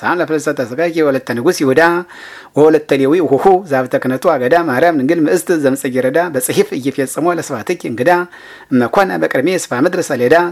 ሳን ለፍልሰት ተዘጋጅ ወለተ ንጉስ ይሁዳ ወለተ ሌዊ ሁሁ ዛብተ ክነቱ አገዳ ማርያም ንግል ምእስት ዘምጽ ይረዳ በጽሒፍ እየፈጸሞ ለስባትኪ እንግዳ እመኮነ በቅድሜ ስፋ ምድር ሰሌዳ